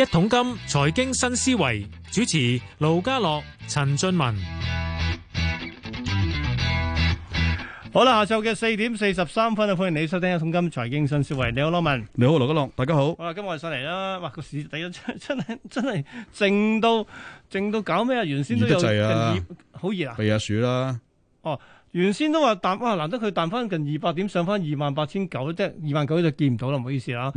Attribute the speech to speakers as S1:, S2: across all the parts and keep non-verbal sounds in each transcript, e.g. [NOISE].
S1: 一桶金財經新思維主持盧家樂、陳俊文，好啦，下晝嘅四點四十三分啊，歡迎你收聽一桶金財經新思維。你好，羅
S2: 文，你好，盧家樂，大家好。
S1: 好啦，今日我哋上嚟啦，哇，個市第一張真係真係靜到靜到搞咩啊？原先都有 2, 熱，好熱啊，避下暑啦。哦，原先都話彈哇，難得佢彈翻近二百點上 28, 900, 29, 900,、嗯，上翻二萬八千九，即係二萬九就見唔到啦，唔好意思啊。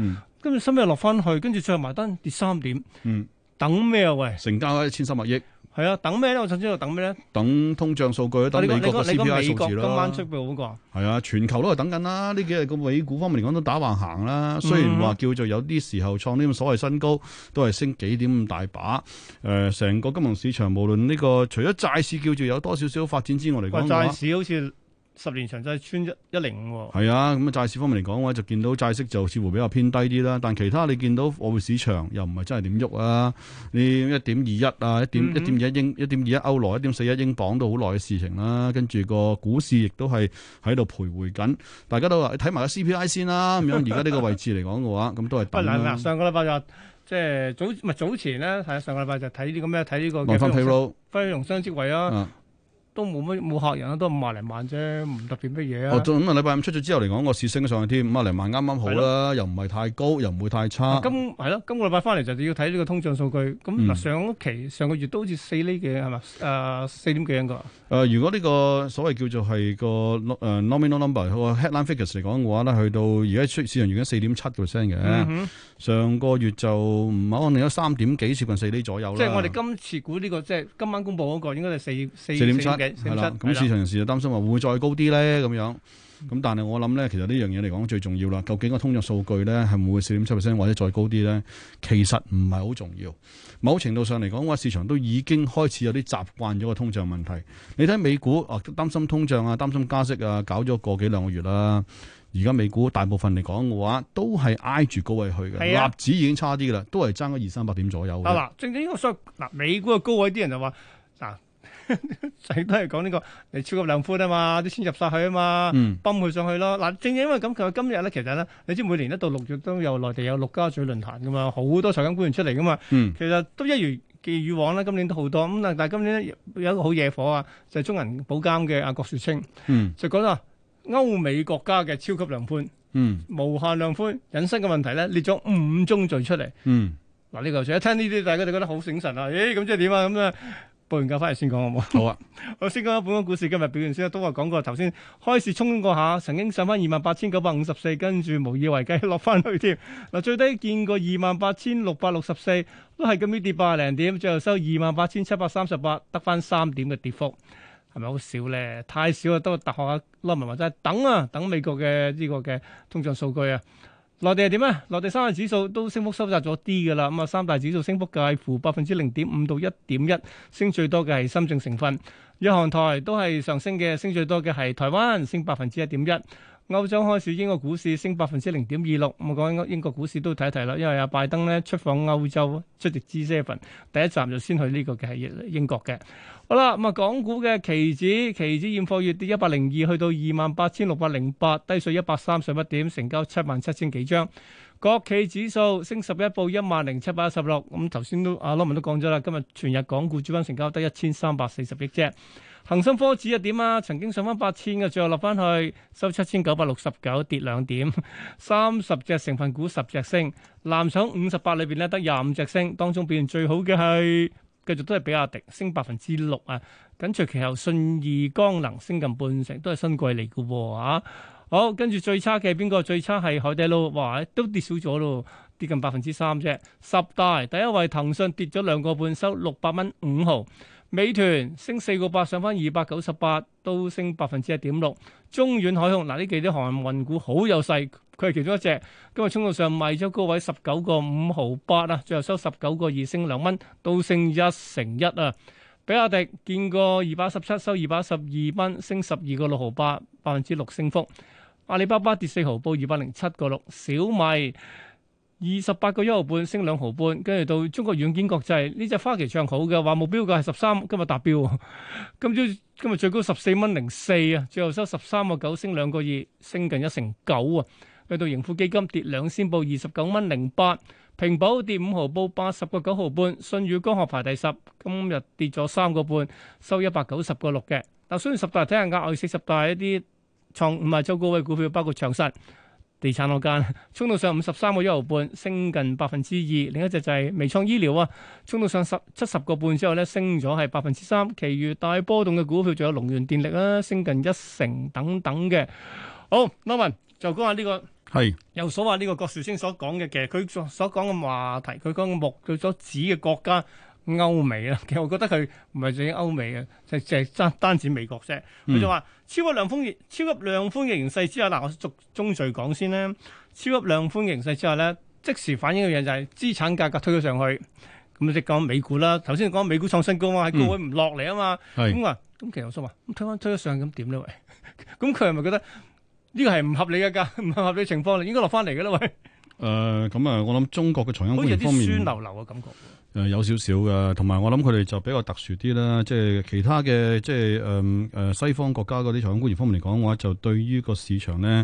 S1: 跟住收尾落翻去，跟住最後埋單跌三點。嗯，等咩啊喂？
S2: 成交一千三百億。係啊，等咩咧？我想知道等咩咧？等通脹數據，等美國 CPI 數字今晚出報嗰、那個。係啊，全球都係等緊啦。呢幾日個美股方面嚟講都打橫行啦。雖然話叫做有啲時候創啲咁所謂新高，都係升幾點咁大把。誒、呃，成個金融市場無論呢、這個，除咗債市叫做有多少少發展之外嚟講嘅話，債市好
S1: 似……十年長債係穿一一零五，
S2: 係啊，咁、嗯、啊債市方面嚟講嘅話，就見到債息就似乎比較偏低啲啦。但其他你見到外匯市場又唔係真係點喐啊？你一點二一啊，一點一點二一英，一點二一歐羅，一點四一英鎊都好耐嘅事情啦、啊。跟住個股市亦都係喺度徘徊緊，大家都話睇埋個 CPI 先啦、啊。咁樣而家呢個位置嚟講嘅話，咁 [LAUGHS] 都係、啊。嗱上
S1: 個禮拜就即、係、係早唔係早前咧，係上個禮拜就睇啲咁咩？睇呢個。這個、羅振飛老。飛龍位啊！都冇乜冇客人啦，都五萬零萬啫，唔特別乜嘢啊。
S2: 五啊、哦，禮拜五出咗之後嚟講，個市上升上去添，五萬零萬啱啱好啦，的又唔係太高，又唔會太差。嗯、今
S1: 係咯，今個禮拜翻嚟就要睇呢個通脹數據。咁嗱，上期、嗯、上個月都好似四厘嘅係咪？誒四、呃、點幾應該。
S2: 如果呢個所謂叫做係個誒、呃、nominal number 個 headline figures 嚟講嘅話咧，去到而家出市場而家四點七 percent 嘅。嗯、哼上個月就唔係可能有三點幾接近四厘左右啦。即係我哋
S1: 今次估呢、呢個，即係今晚公佈嗰個應該係四四。四點七。嗱咁，市
S2: 場人士就擔心話會唔會再高啲咧？咁樣咁，但係我諗咧，其實呢樣嘢嚟講最重要啦。究竟個通脹數據咧係唔會四點七 percent 或者再高啲咧？其實唔係好重要。某程度上嚟講，嘅話市場都已經開始有啲習慣咗個通脹問題。你睇美股啊，擔心通脹啊，擔心加息啊，搞咗個幾兩個月啦。而家美股大部分嚟講嘅話，都係挨住高位去嘅，納指、啊、已經差啲嘅啦，都係爭咗二三百點左右。嗱、啊，
S1: 正正呢個所以嗱，美股嘅高位啲人就話。成日都係講呢個，你超級量寬啊嘛，啲錢入晒去啊嘛，崩佢上去咯。嗱，正因為咁，其實今日咧，其實咧，你知每年一到六月都有內地有陸家嘴論壇噶嘛，好多財經官員出嚟噶嘛，其實都一如既往啦。今年都好多咁，但係今年有一個好野火啊，就係中銀保監嘅阿郭樹清，就講啦，歐美國家嘅超級量寬，嗯，無限量寬引申嘅問題咧，列咗五宗罪出嚟。嗯，嗱，呢個一聽呢啲，大家就覺得好醒神啊。咦，咁即係點啊？咁啊？講完架翻嚟先講好唔好？好啊，我先講翻本港股市。今日表現先啦，都話講過頭先開市沖過下，曾經上翻二萬八千九百五十四，跟住無以為繼落翻去添。嗱，最低見過二萬八千六百六十四，都係咁樣跌百零點，最後收二萬八千七百三十八，得翻三點嘅跌幅，係咪好少咧？太少啊，都係等下攞埋或者等啊，等美國嘅呢個嘅通脹數據啊。內地係點啊？內地三大指數都升幅收窄咗啲㗎啦，咁啊三大指數升幅介乎百分之零點五到一點一，升最多嘅係深證成分，日韓台都係上升嘅，升最多嘅係台灣，升百分之一點一。歐洲開市，英國股市升百分之零點二六，咁啊講英國股市都睇一睇啦，因為阿拜登咧出訪歐洲，出席 G7，第一站就先去呢個嘅係英國嘅。好啦，咁啊港股嘅期指，期指現貨月跌一百零二，去到二萬八千六百零八，低水一百三十一點，成交七萬七千幾張。國企指數升十一，報一萬零七百一十六，咁頭先都阿羅文都講咗啦，今日全日港股主板成交得一千三百四十億啫。恒生科指又點啊？曾經上翻八千嘅，最後落翻去收七千九百六十九，跌兩點。三十隻成分股十隻升，藍籌五十八裏邊咧得廿五隻升，當中表現最好嘅係繼續都係比亞迪升百分之六啊。緊隨其後信義光能升近半成，都係新貴嚟嘅喎嚇。好，跟住最差嘅邊個？最差係海底撈，哇，都跌少咗咯，跌近百分之三啫。十大第一位騰訊跌咗兩個半，收六百蚊五毫。美團升四個八，上返二百九十八，都升百分之一點六。中遠海控嗱，呢幾啲航運股好有勢，佢係其中一隻。今日衝到上賣咗高位十九個五毫八啊，最後收十九個二，升兩蚊，都升一成一啊。比亞迪見過二百一十七，收二百一十二蚊，升十二個六毫八，百分之六升幅。阿里巴巴跌四毫，報二百零七個六。小米，二十八個一毫半升兩毫半，跟住到中國軟件國際呢隻，花旗唱好嘅話，目標價係十三，今日達標。今朝今日最高十四蚊零四啊，最後收十三個九升兩個二，升近一成九啊。去到盈富基金跌兩仙報二十九蚊零八，平保跌五毫報八十個九毫半，舜宇光學排第十，今日跌咗三個半，收一百九十個六嘅。嗱，雖然十大睇下額外四十大一啲創五十二周高位股票，包括長實。地產嗰間衝到上五十三個一毫半，升近百分之二。另一隻就係微創醫療啊，衝到上十七十個半之後咧，升咗係百分之三。其餘大波動嘅股票，仲有龍源電力啦，升近一成等等嘅。好，Norman，就講下呢個係又所話呢個郭樹清所講嘅嘅，其實佢所講嘅話題，佢講目佢所指嘅國家，歐美啦，其實我覺得佢唔係淨係歐美啊，就就是、單單止美國啫。佢就話、嗯、超級量寬，超級量寬嘅形勢之下，嗱我逐宗序講先啦。超級量寬形勢之下咧，即時反映嘅嘢就係資產價格推咗上去。咁即講美股啦，頭先講美股創新高嘛，係高位唔落嚟啊嘛。咁啊、嗯，咁其實我想話，咁推翻推咗上咁點咧？喂，咁佢係咪覺得呢個係唔合理嘅價？唔合理嘅情況，你應該落翻嚟嘅啦？喂。
S2: 誒，咁啊，我諗中國嘅財政好似有啲酸溜溜嘅感覺。誒有少少嘅，同埋我諗佢哋就比較特殊啲啦，即係其他嘅即係誒誒西方國家嗰啲財金官員方面嚟講嘅話，就對於個市場咧。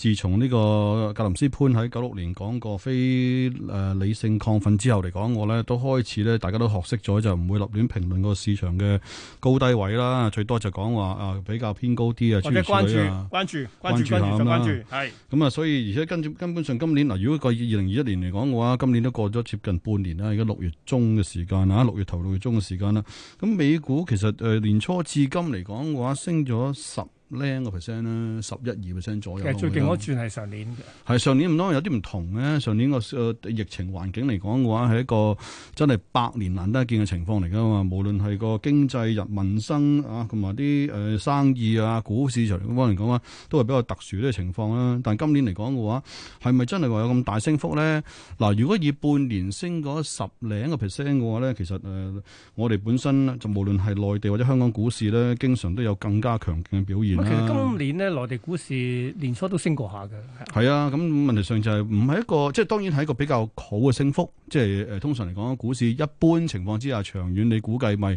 S2: 自從呢個格林斯潘喺九六年講過非誒、呃、理性亢奮之後嚟講，我咧都開始咧，大家都學識咗就唔會立亂評論個市場嘅高低位啦。最多就講話啊，比較偏高啲水啊，情緒啊，或者關注關注下係咁啊，所以而且跟住根本上今年嗱，如果過二零二一年嚟講嘅話，今年都過咗接近半年啦，而家六月中嘅時間啊，六月頭到六月中嘅時間啦。咁美股其實誒、呃、年初至今嚟講嘅話，升咗十零個 percent 啦、啊，十一二 percent 左右。最近嗰轉係
S1: 上年
S2: 嘅，係上年咁多有啲唔同咧。上年個、呃、疫情環境嚟講嘅話，係一個真係百年難得一見嘅情況嚟噶嘛。無論係個經濟人民生啊，同埋啲誒生意啊，股市上嚟講嚟講啊，都係比較特殊啲嘅情況啦。但係今年嚟講嘅話，係咪真係話有咁大升幅咧？嗱、呃，如果以半年升咗十零個 percent 嘅話咧，其實誒、呃、我哋本身就無論係內地或者香港股市咧，經常都有更加強勁嘅表現。其實今
S1: 年咧，內、啊、地股市年初都升過下
S2: 嘅。係啊，咁問題上就係唔係一個，即係當然係一個比較好嘅升幅。即係誒，通常嚟講，股市一般情況之下，長遠你估計咪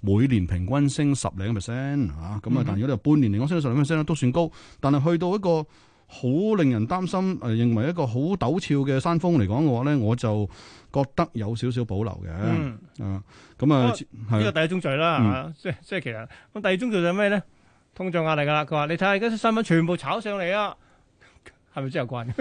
S2: 每年平均升十零 percent 吓。咁啊，啊，但係如果就半年嚟講，升到十零 percent 都算高。但係去到一個好令人擔心誒、呃，認為一個好陡峭嘅山峰嚟講嘅話咧，我就覺得有少少保留嘅。嗯、啊。咁啊，呢個、啊、第
S1: 一宗罪啦。嗯。即即係其實，咁第二宗罪係咩咧？通脹壓力噶啦，佢話你睇下而家啲新聞全部炒上嚟啊，係咪真有關？誒、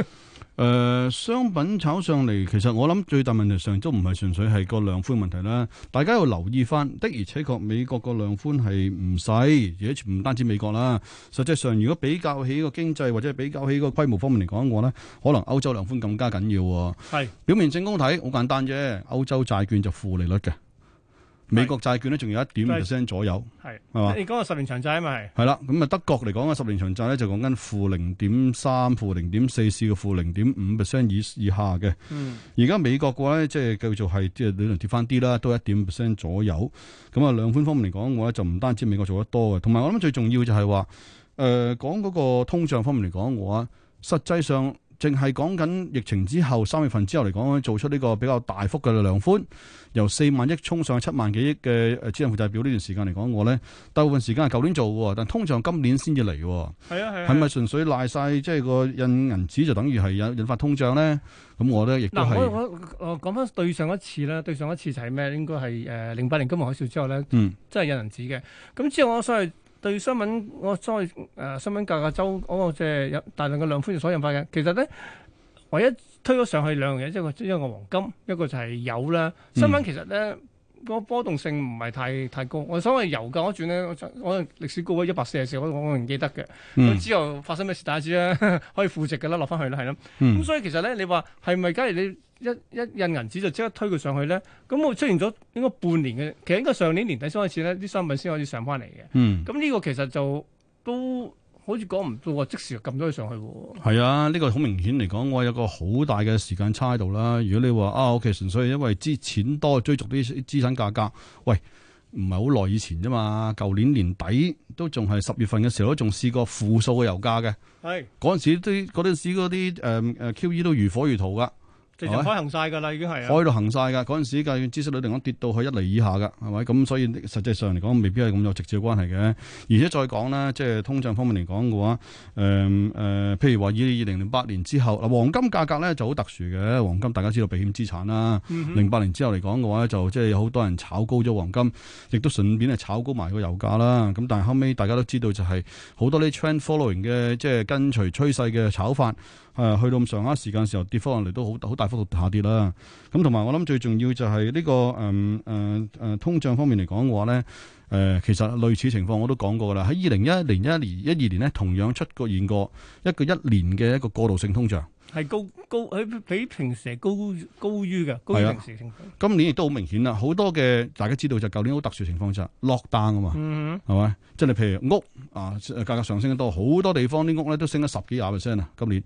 S2: 呃，商品炒上嚟，其實我諗最大問題上都唔係純粹係個量寬問題啦。大家要留意翻，的而且確美國個量寬係唔使，而且唔單止美國啦，實際上如果比較起個經濟或者比較起個規模方面嚟講嘅話咧，可能歐洲量寬更加緊要。係是表面正咁睇好簡單啫，歐洲債券就負利率嘅。對美國債券咧以，仲有一點五 percent 左右，係係嘛？你
S1: 講個十年長債啊嘛，係
S2: 係啦。咁啊，德國嚟講嘅十年長債咧，就講緊負零點三、負零點四、至嘅負零點五 percent 以以下嘅。嗯，而家美國嘅話咧，即係繼續係即係理論跌翻啲啦，都一點五 percent 左右。咁啊，兩寬方面嚟講，我咧就唔單止美國做得多嘅，同埋我諗最重要就係、呃、話，誒，講嗰個通脹方面嚟講，我實際上。淨係講緊疫情之後三月份之後嚟講，做出呢個比較大幅嘅量寬，由四萬億衝上七萬幾億嘅誒資產負債表呢段時間嚟講，我咧大部分時間係舊年做嘅，但通脹今年先至嚟，係啊係啊，係咪純粹賴晒即係個印銀紙就等於係引引發通脹咧？咁我咧亦都係、嗯。
S1: 我我我講翻對上一次啦，對上一次就係咩？應該係誒零八年金融海嘯之後咧，嗯，真係印銀紙嘅。咁之後我再。對新聞，我所謂誒、呃、新聞價格周嗰個即係大量嘅量寬所引發嘅。其實咧，唯一推咗上去兩樣嘢，即係一個,一個黃金，一個就係油啦。新聞其實咧，嗰波動性唔係太太高。我所謂油價嗰轉咧，我轉我,我歷史高位一百四十四，我都我唔記得嘅。咁、嗯、之後發生咩事大家知啦， [LAUGHS] 可以負值嘅啦，落翻去啦，係啦。咁、嗯、所以其實咧，你話係咪？梗係你一一印銀紙就即刻推佢上去咧，咁我出現咗應該半年嘅，其實應該上年年底先開始咧，啲商品先開始上翻嚟嘅。嗯，咁呢個其實就都好似講唔到話即時就撳咗佢上去。
S2: 係啊，呢個好明顯嚟講，我有個好大嘅時間差喺度啦。如果你話啊，OK 純粹因為之前多追逐啲資產價格，喂，唔係好耐以前啫嘛。舊年年底都仲係十月份嘅時候都仲試過負數嘅油價嘅，係嗰陣時啲嗰陣時嗰啲誒誒 QE 都如火如荼㗎。開行晒㗎啦，已經係開度行晒㗎。嗰陣時嘅利息率嚟講，跌到去一厘以下㗎，係咪？咁所以實際上嚟講，未必係咁有直接關係嘅。而且再講咧，即、就、係、是、通脹方面嚟講嘅話，誒、嗯、誒、呃，譬如話以二零零八年之後嗱，黃金價格咧就好特殊嘅。黃金大家知道避險資產啦。零八、嗯、哼年之後嚟講嘅話，就即係有好多人炒高咗黃金，亦都順便係炒高埋個油價啦。咁但係後尾大家都知道就，就係好多啲 trend following 嘅，即係跟隨趨勢嘅炒法，誒、啊，去到咁上下時間時候，跌幅嚟都好好大。度下跌啦，咁同埋我諗最重要就係呢個誒誒誒通脹方面嚟講嘅話咧，誒、呃、其實類似情況我都講過噶啦，喺二零一一年、一二年咧，同樣出過現過一個一年嘅一個過渡性通脹，
S1: 係高高，比比平時高高於嘅，高於平時情況、
S2: 啊。今年亦都好明顯啦，好多嘅大家知道就舊年好特殊情況就 lockdown 啊嘛，係咪、mm？即、hmm. 係譬如屋啊，價格上升得多，好多地方啲屋咧都升咗十幾廿 percent 啊，今年。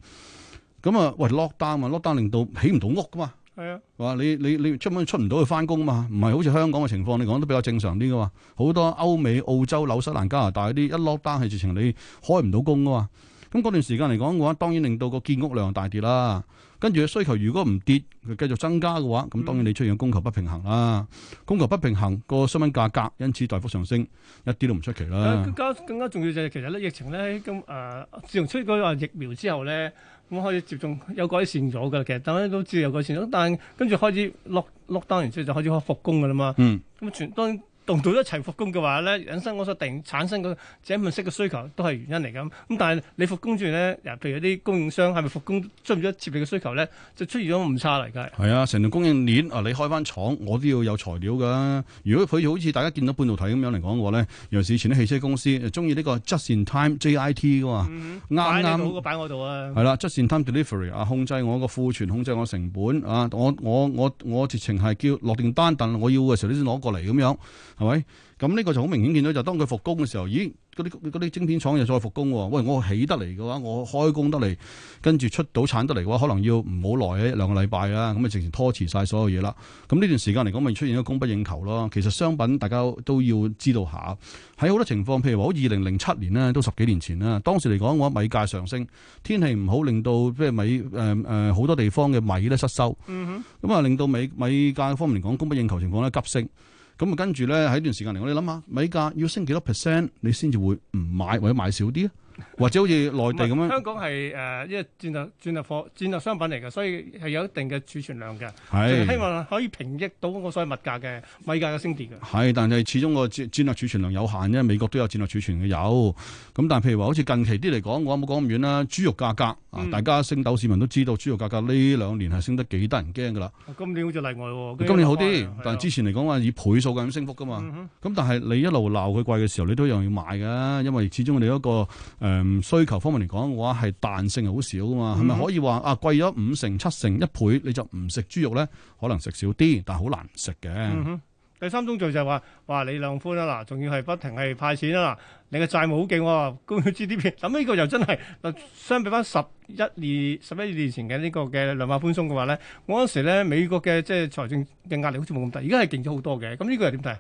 S2: 咁啊、嗯，喂，lockdown 啊，lockdown 令到起唔到屋噶嘛，係啊的，話你你你出門出唔到去翻工啊嘛，唔係好似香港嘅情況，你講得比較正常啲噶嘛，好多歐美、澳洲、紐西蘭、加拿大啲一 lockdown 係直情你開唔到工啊嘛。咁嗰段時間嚟講嘅話，當然令到個建屋量大跌啦。跟住需求如果唔跌，佢繼續增加嘅話，咁當然你出現供求不平衡啦。供求不平衡，個商品價格因此大幅上升，一啲都唔出奇啦。
S1: 更加更加重要就係其實咧疫情咧咁誒，自從出嗰個疫苗之後咧，咁、嗯、開始接種有改善咗㗎。其實大家都知有改善咗，但係跟住開始落落單完之後，就開始可復工㗎啦嘛。嗯，咁全當然。動度到一齊復工嘅話咧，引申我所定產生嘅井噴式嘅需求都係原因嚟㗎。咁但係你復工住咧，譬如啲供應商係咪復工出唔咗設備嘅需求咧，就出現咗咁差嚟㗎。
S2: 係啊，成條供應鏈啊，你開翻廠，我都要有材料㗎。如果佢好似大家見到半導體咁樣嚟講嘅話咧，原來以前啲汽車公司中意呢個 just in time J I T 㗎嘛，啱啱、嗯、剛好個擺我度啊。係啦、啊、just in time delivery 啊，控制我個庫存，控制我成本啊。我我我我直情係叫落定單，但係我要嘅時候先攞過嚟咁樣。係咪？咁呢個就好明顯見到，就當佢復工嘅時候，咦？嗰啲啲晶片廠又再復工喎。喂，我起得嚟嘅話，我開工得嚟，跟住出到產得嚟嘅話，可能要唔好耐一兩個禮拜啦。咁啊，直情拖遲晒所有嘢啦。咁呢段時間嚟講，咪出現咗供不應求咯。其實商品大家都要知道下，喺好多情況，譬如話，好二零零七年咧，都十幾年前啦。當時嚟講，我米價上升，天氣唔好，令到即係米誒誒好多地方嘅米咧失收。咁啊、嗯哼，令到米米價方面嚟講，供不應求情況咧急升。咁啊，跟住咧喺一段時間嚟，我哋諗下，米價要升幾多 percent，你先至會唔買或者買少啲啊？或者好似內地咁樣，香
S1: 港係誒，因為戰略戰略貨戰略商品嚟嘅，所以係有一定嘅儲存量嘅，係希望可以平抑到個所謂物價嘅米價嘅升跌
S2: 嘅。係，但係始終個戰戰略儲存量有限啫，因為，美國都有戰略儲存量嘅有，咁但係譬如話好似近期啲嚟講，我冇講咁遠啦，豬肉價格。嗯、大家升斗市民都知道豬肉價格呢兩年係升得幾得人驚㗎啦。
S1: 今年好似例外喎、啊。今年好啲，
S2: 啊、但係之前嚟講話以倍數咁升幅㗎嘛。咁、嗯、哼但係你一路鬧佢貴嘅時候，你都一樣要買㗎，因為始終我哋一個、呃、需求方面嚟講嘅話係彈性係好少㗎嘛。係咪、嗯、哼可以話啊貴咗五成七成一倍你就唔食豬肉咧？可能食少啲，但係好難食嘅。嗯
S1: 第三宗罪就係話，哇，你量寬啊，嗱，仲要係不停係派錢啊，嗱，你嘅債務好勁喎，高於 GDP，咁呢個又真係，嗱，相比翻十一二、十一二年前嘅呢個嘅量化寬鬆嘅話咧，我嗰時咧美國嘅即係財政嘅壓力好似冇咁大，而家係勁咗好多嘅，咁呢個又點
S2: 睇啊？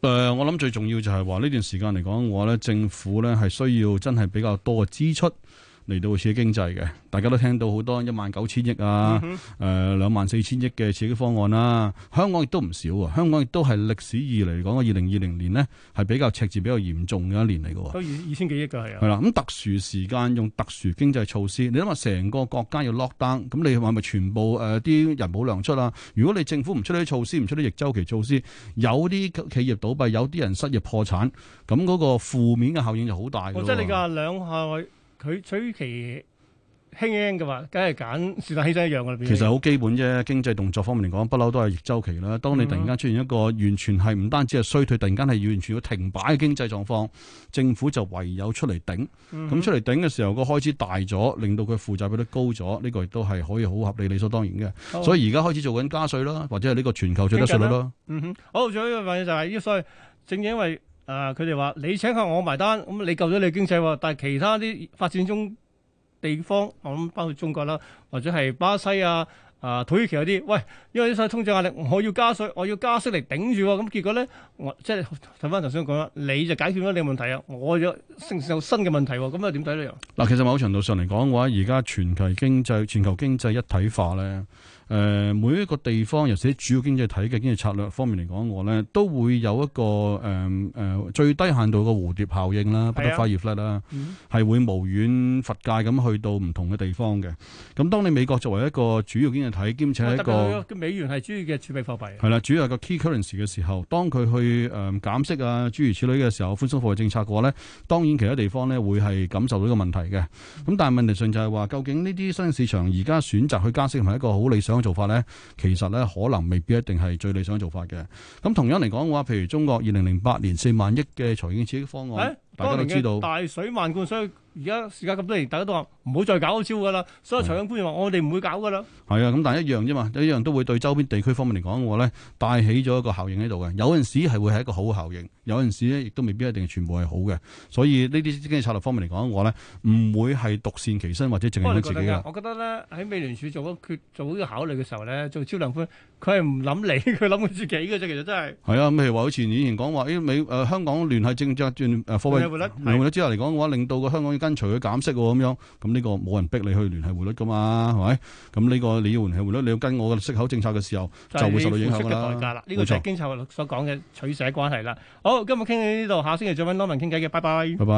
S2: 誒、呃，我諗最重要就係話呢段時間嚟講，我咧政府咧係需要真係比較多嘅支出。嚟到刺激經濟嘅，大家都聽到好多一萬九千億啊，誒兩萬四千億嘅刺激方案啦、啊。香港亦都唔少啊，香港亦都係歷史以嚟講，二零二零年呢係比較赤字比較嚴重嘅一年嚟嘅喎。都
S1: 二,二千幾億㗎係啊。係啦，咁、
S2: 嗯、特殊時間用特殊經濟措施，你諗下成個國家要 lock down，咁你話係咪全部誒啲、呃、人冇糧出啊？如果你政府唔出呢啲措施，唔出呢啲逆周期措施，有啲企業倒閉，有啲人失業破產，咁嗰個負面嘅效應就好大、啊。即係你嘅、啊、
S1: 兩害。佢取其輕輕嘅話，梗係揀事實犧牲一樣嘅。其實好
S2: 基本啫，經濟動作方面嚟講，不嬲都係逆周期啦。當你突然間出現一個完全係唔單止係衰退，突然間係完全要停擺嘅經濟狀況，政府就唯有出嚟頂。咁、嗯、哼出嚟頂嘅時候，個開支大咗，令到佢負債比率高咗，呢、這個亦都係可以好合理、理所當然嘅。的所以而家開始做緊加稅啦，或者係呢個全球最低稅率咯。
S1: 嗯哼，好、哦，最後一個問嘢就係、是，正正因為。啊！佢哋話你請客我埋單，咁、嗯、你救咗你經濟喎，但係其他啲發展中地方，我諗包括中國啦，或者係巴西啊、啊、呃、土耳其嗰啲，喂，因為啲所謂通脹壓力，我要加稅，我要加息嚟頂住喎，咁、嗯、結果咧，我即係睇翻頭先講啦，你就解決咗你問題啊，我又承受新嘅問題喎，咁又點睇呢
S2: 嗱，嗯、其實某程度上嚟講嘅話，而家全球經濟、全球經濟一體化咧。誒、呃、每一個地方，尤其是主要經濟體嘅經濟策略方面嚟講，我咧都會有一個誒誒、嗯呃、最低限度嘅蝴蝶效應啦，嗯、不得花葉甩啦，係會無遠弗屆咁去到唔同嘅地方嘅。咁當你美國作為一個主要經濟體兼且一個、
S1: 哦、美元係主要嘅儲備貨幣，
S2: 係啦，主要係個 key currency 嘅時候，當佢去誒、嗯、減息啊諸如此類嘅時候，寬鬆貨幣政策嘅話咧，當然其他地方咧會係感受到個問題嘅。咁但係問題上就係話，究竟呢啲新市場而家選擇去加息係咪一個好理想？咁樣做法咧，其實咧可能未必一定係最理想做法嘅。咁同樣嚟講嘅話，譬如中國二零零八年四萬億嘅財政刺激方案，大家都知道大
S1: 水漫灌，所以而家時間咁多年，大家都話。唔好再搞呢招噶啦，所有財政官員話：我哋唔會搞噶啦。
S2: 係啊，咁但係一樣啫嘛，一樣都會對周邊地區方面嚟講嘅話咧，帶起咗一個效應喺度嘅。有陣時係會係一個好嘅效應，有陣時咧亦都未必一定全部係好嘅。所以呢啲經濟策略方面嚟講嘅話咧，唔、嗯、會係獨善其身或者淨係諗自己嘅。
S1: 我覺得咧，喺美聯儲做咗決做呢個考慮嘅時候咧，做超量寬佢係唔諗你，佢諗佢自己嘅啫。其實真
S2: 係係啊，譬如話，好似以前講話、哎，美誒、呃、香港聯繫政策轉誒貨幣匯之後嚟講嘅話，令到個香港要跟隨佢減息咁樣。呢個冇人逼你去聯繫匯率㗎嘛，係咪？咁、這、呢個你要聯繫匯率，你要跟我嘅息口政策嘅時候，就會受到影響嘅代價啦。冇錯。呢個
S1: 就係經濟學所講嘅取捨關係啦。好，今日傾到呢度，下星期再揾 Norman 傾偈嘅，拜拜。拜
S2: 拜。